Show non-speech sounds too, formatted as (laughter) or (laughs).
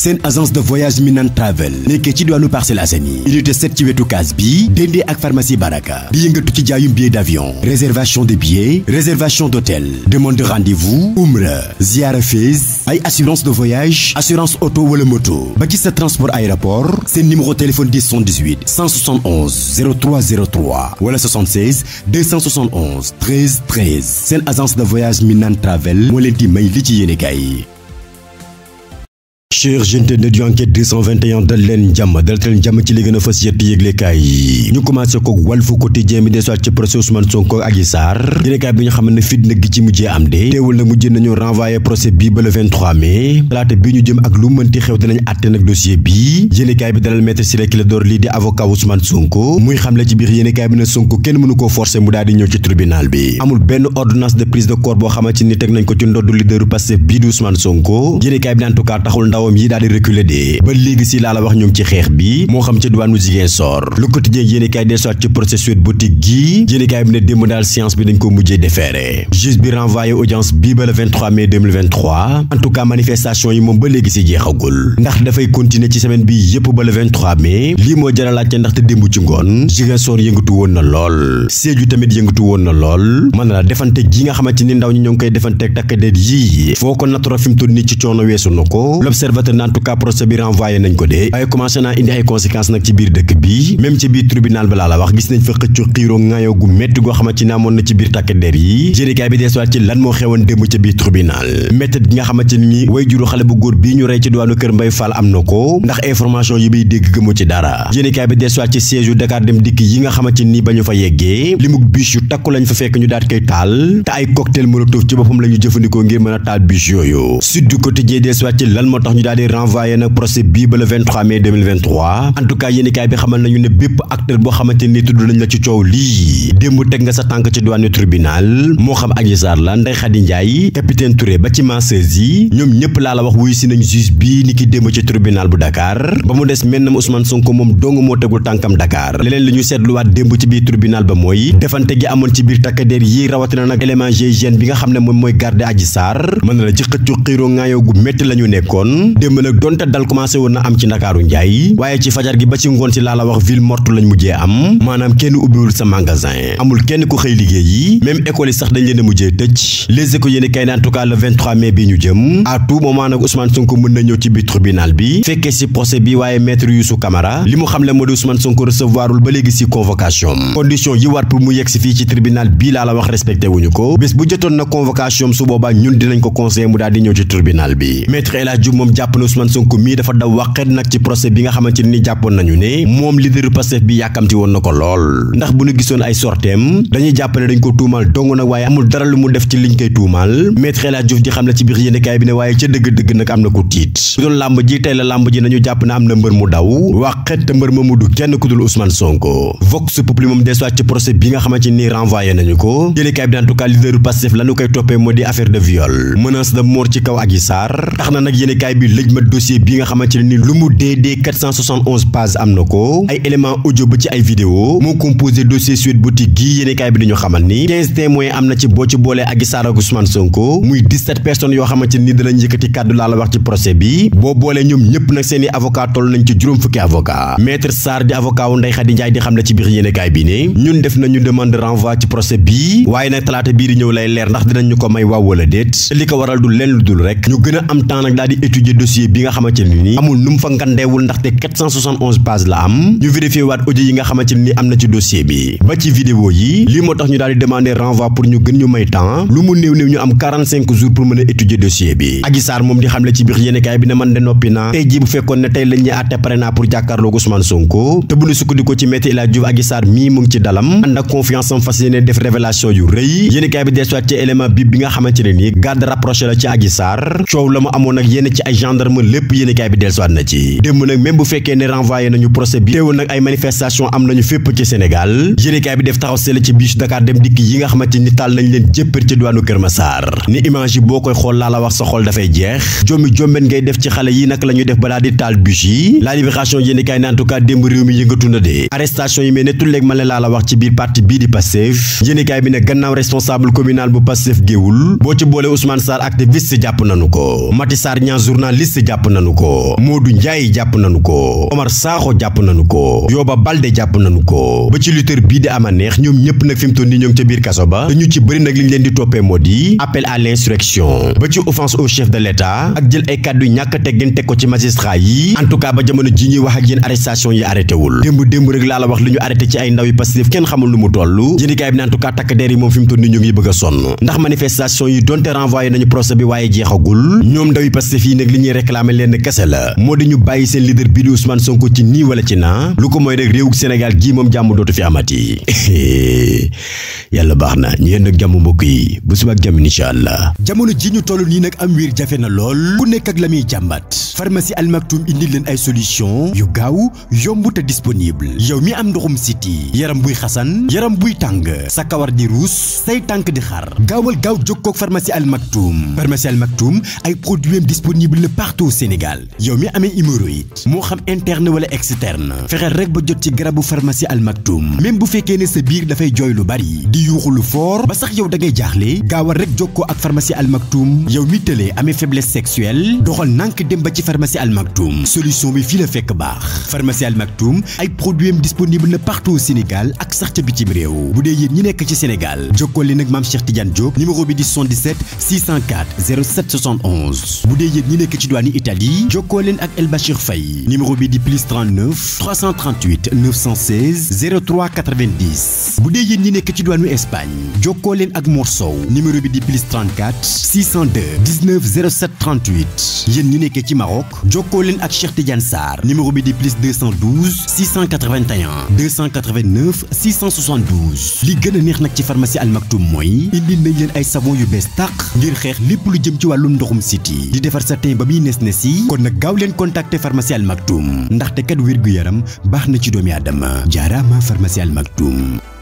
seen agence de voyage Minan Travel nekkee ci diwaanu Parcelles Assainies unité 7 ci wetu kaas bi dendee ak pharmacie Baraka bi yëngatu ci jaayum billet d'avion réservation de billets réservation d'hôtel demande de rendez-vous umra ziara Fès ay assurance de voyage assurance auto wala moto ba ci sa transport aéroport seen numéro téléphone 10 78 171 0303 wala 76 271 13 13 seen agence de voyage Minan Travel moo may li ci yéene kaay chers internet yu enquête dal leen jàmm dal leen jàmm ci li gën a fës yett yi ñu commencé ko Walf Quotidien bi desuwaat ci procès Ousmane Sonko ak Adji Sarr bi ñu xam ne fitna gi ci mujjee am de teewul na mujj nañu renvoyé procès bii ba le talaata bi ñu jëm ak lu mënti xew dinañ àtte nag dossier bii yëglekaay bi dalal maître Ciré Clédor Ly di avocat Ousmane Sonko muy xamle ci biir yëglekaay bi ne Sonko kenn mënu koo forcer mu daal gendarme yi daal di reculer de ba léegi si laa la wax ñu ci xeex bi moo xam ci diwaanu Ziguinchor lu quotidien yéenekaay des soit ci procès Sweet Boutique gi yéenekaay bi ne démb daal séance bi dañ ko mujjee déféré juge bi renvoyé audience bii ba le 23 mai yi moom ba léegi si jeexagul ndax dafay continuer ci semaine bi yëpp ba le 23 mai lii moo jaralaajte ndaxte démb ci ngoon Ziguinchor yëngatu woon na lool Sédhiou tamit yëngatu woon na lool mën na la defante gi nga xamante ni ndaw ñi ñoo ngi koy defanteeg takk déet l'observateur en tout cas procès bi renvoyé nañ ko dee waaye commencé naa indi ay conséquences nag ci biir dëkk bi même ci biir tribunal ba la wax gis nañ fa xëccu xiiroo ŋaayoo gu métti goo xamante ni amoon na ci biir tàkk der yi jénikaay bi deesuwaat ci lan moo xewoon démb ca biir tribunal méthode gi nga xamante ni way juru xale bu góor bii ñu rey ci diwaanu Kër Mbay Fall am na ko ndax information yi bay dégg gëmu ci dara jénikaay bi deesuwaat ci siège yu daal di renvoyé nag procès bii ba le 23 mai 2023 en tout cas yéenekaay bi xamal nañu ne bépp acteur boo xamante ni tudd nañ la ci coow lii démb teg nga sa tànk ci douane tribunal moo xam Adji Sarr la Ndeye Khady Ndiaye capitaine Touré ba ci masseuse yi ñoom ñëpp laa la wax wuyu si nañ juge bii ni ki démb ci tribunal bu Dakar ba mu des mennam Ousmane Sonko moom dong moo tegul tànkam Dakar leneen li ñu seetluwaat démb ci biir tribunal ba mooy defante gi amoon ci biir takkadeer yi rawatina nag élément GIGN bi nga xam ne moom mooy garde Adji Sarr mën na la ñu nekkoon démb nag donte dal commencé woon na am ci ndakaaru njaay waaye ci fajar gi ba ci ngoon si laa la wax ville morte lañ mujjee am maanaam kenn ubbiwul sa magasin amul kenn ku xëy liggéey yi même école yi sax dañ leen a mujjee tëj les écoles yéen kay en tout cas bi ñu jëm à tout moment nag Ousmane Sonko mën na ñëw ci biir tribunal bi fekkee si procès bi waaye maître Youssou Camara li mu xam moo di Ousmane Sonko recevoirul ba léegi si convocation condition yi war pour mu yegg si fii ci tribunal bii laa jàpp na Ousmane Sonko mii dafa daw wàqet nag ci procès bi nga xamante ni jàppoon nañu ne moom leader Pastef bi yàkkamti woon na ko lool ndax bu ñu gisoon ay sorteem dañuy jàpp ne dañ ko tuumal dong nag waaye amul dara lu mu def ci liñ koy tuumal Maître El Hadji di xam la ci biir yéenekaay bi ne waaye ca dëgg-dëgg nag am na ko tiit bu doon làmb ji tey la làmb ji nañu jàpp na am na mbër mu daw wàqet te mbër moomu du kenn ku dul Ousmane Sonko Vox Populi moom de lëjma dossier bi nga xamante ne ni lu mu dee dee 471 am na ko ay élément audio ba ci ay vidéo moo composé dossier Sweet Boutique gii yéenekaay bi ni boo ci boolee Adji Sarr ak Ousmane Sonko muy yoo xamante ne ni danañ yëkkati kàddu laa la wax ci procès bi boo boolee ñoom ñëpp nag seeni avocat toll nañ ci juróom fukki avocat maître bi ne ñun def nañu demande renvoi ci procès bii waaye nag talaata bii di ñëw lay leer ndax dinañ ñu ko may waaw wala déet li ko waral du leen lu rek ñu gën a am temps nag daal étudier dossier bi nga xamante ne ni amul nu mu fa ngandeewul ndaxte 471 la am ñu vérifié waat audio yi nga xamante ne ni am na ci dossier bi ba ci vidéo yi lii moo tax ñu daal di demander renvoi pour ñu gën ñu may temps lu mu néew néew ñu am jours pour mën a étudier dossier bi Adji moom di xamle ci biir yéenekaay bi ne man noppi naa tey fekkoon ne tey lañ ñu pare naa pour jàkkaarloog Ousmane Sonko te ni garde ci Adji Sarr coow gendarme ni image yi boo koy xool laa la wax sa xol dafay jeex jommi jombeen ngay def ci xale yi nag la def balaa di taal biche yi la libération yéenekaay démb réew mi yëngatu na de arrestation yi mais ne tulleeg ma laa la wax ci biir parti bii di Pastef yéenekaay bi ne gannaaw responsable communal bu Pastef géewul boo ci boole Ousmane Sarr activiste jàpp nañu ko Mati Sarr ñaa journal liste jàpp nanu ko Modou Ndiaye jàpp nanu ko Omar Sakho jàpp nanu ko Yoba Balde jàpp nanu ko ba ci lutteur bii di ama neex ñoom ñëpp nag fi mu toll nii ñoo ngi ca biir kaso ba te ñu ci bëri nag li ñu leen di toppee moo appel à l'insurrection ba ci offense au chef de l'État ak jël ay kàddu ñàkk teggin teg ko ci magistrat yi en ba jamono ji ñuy wax ak yéen arrestation yi arrêté démb démb rek laa la wax li ñu arrêté ci ay ndaw yi kenn xamul ñuy leen lenn kese la moo di ñu bàyyi seen leader bi di Ousmane Sonko ci nii wala ci naa lu ko mooy rek réewug Sénégal gii moom jàmm dootu fi amati (laughs) yàlla baax na ñu yenn jàmm mbokk yi bu suba ak jàmm incha allah jamono ji ñu toll nii nag am wiir jafe na lool ku nekk ak la muy jàmbat farmasi Al indi leen ay solution yu gaaw yomb te disponible yow mi am ndoxum siti yaram buy xasan yaram buy tàng sa kawar di ruus say tànk di xar gaawal gaaw jókkoog pharmacie Al Maktoum partout au Sénégal yow mi amee hémorroïde moo xam interne wala externe fexeel rek ba jot ci garabu pharmacie Al Maktoum même bu fekkee ne sa biir dafay jooy lu bari di yuuxu lu fort ba sax yow da ngay jaaxle gaawal rek ko ak pharmacie Al Maktoum yow mi tëlee amee faiblesse sexuelle doxal nànk dem ba ci pharmacie Al Maktoum solution bi fii la fekk baax pharmacie Al Maktoum ay produits am disponible na partout au Sénégal ak sax ca bitim réew bu dee yéen ñi nekk ci Sénégal jokkoo leen ak maam Cheikh Tidiane Diop numéro bi di 77 604 07 71 bu dee yéen ñi nekk diwaanu Italie jokkoo leen ak El Bachir Faye numéro bi di plus 39 338 916 03 90 bu dee yéen ñi nekk ci diwaanu Espagne jokkoo leen ak Mor Sow numéro bi di plus 34 602 19 07 38 yéen ñi nekkee ci Maroc jokkoo leen ak Cheikh Tidiane Sarr numéro bi di plus 212 681 289 672 li gën a neex nag ci pharmacie Al Maktoum mooy indi nañ leen ay savon yu bees tàq ngir xeex lépp lu jëm ci wàllum ndoxum siti di defar sa teen ba muy yi nes nes kon nag gaaw leen contacter pharmacie Al ndaxte kat wér gu yaram baax na ci doomi aadama jaaraama pharmacie Al Maktoum